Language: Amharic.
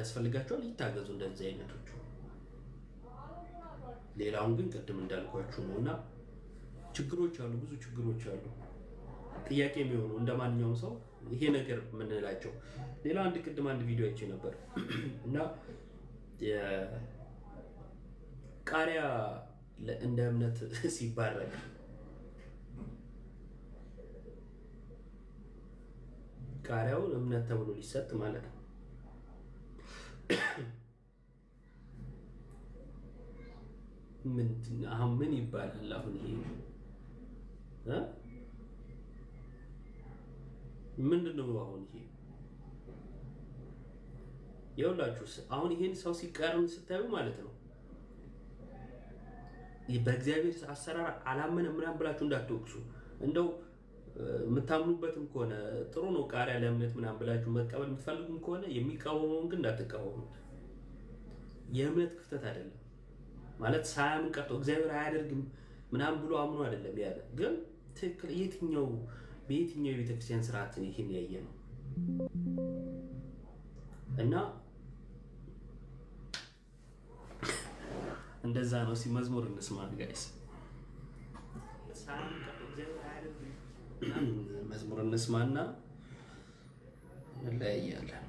ያስፈልጋቸዋል። ይታገዙ እንደዚህ አይነቶቹ። ሌላውን ግን ቅድም እንዳልኳችሁ ነው እና ችግሮች አሉ፣ ብዙ ችግሮች አሉ። ጥያቄ የሚሆኑ እንደ ማንኛውም ሰው ይሄ ነገር የምንላቸው ሌላ አንድ ቅድም አንድ ቪዲዮ አይቼ ነበር እና ቃሪያ እንደ እምነት ሲባረክ ቃሪያውን እምነት ተብሎ ሊሰጥ ማለት ነው። አሁን ምን ይባላል? አሁን ይሄ ምንድን ነው? አሁን ይሄ የሁላችሁስ አሁን ይሄን ሰው ሲቀርም ስታዩ ማለት ነው በእግዚአብሔር አሰራር አላመነ ምናምን ብላችሁ እንዳትወቅሱ እንደው የምታምኑበትም ከሆነ ጥሩ ነው ቃሪያ ለእምነት ምናምን ብላችሁ መቀበል የምትፈልጉም ከሆነ የሚቃወመውን ግን እንዳትቃወሙት። የእምነት ክፍተት አይደለም ማለት ሳያምን ቀርቶ እግዚአብሔር አያደርግም ምናምን ብሎ አምኖ አይደለም ያለ ግን ትክክል የትኛው በየትኛው የቤተክርስቲያን ስርዓት ይህን ያየ ነው እና እንደዛ ነው። እስኪ መዝሙር እንስማ ጋይስ። እንስማና እንለያያለን።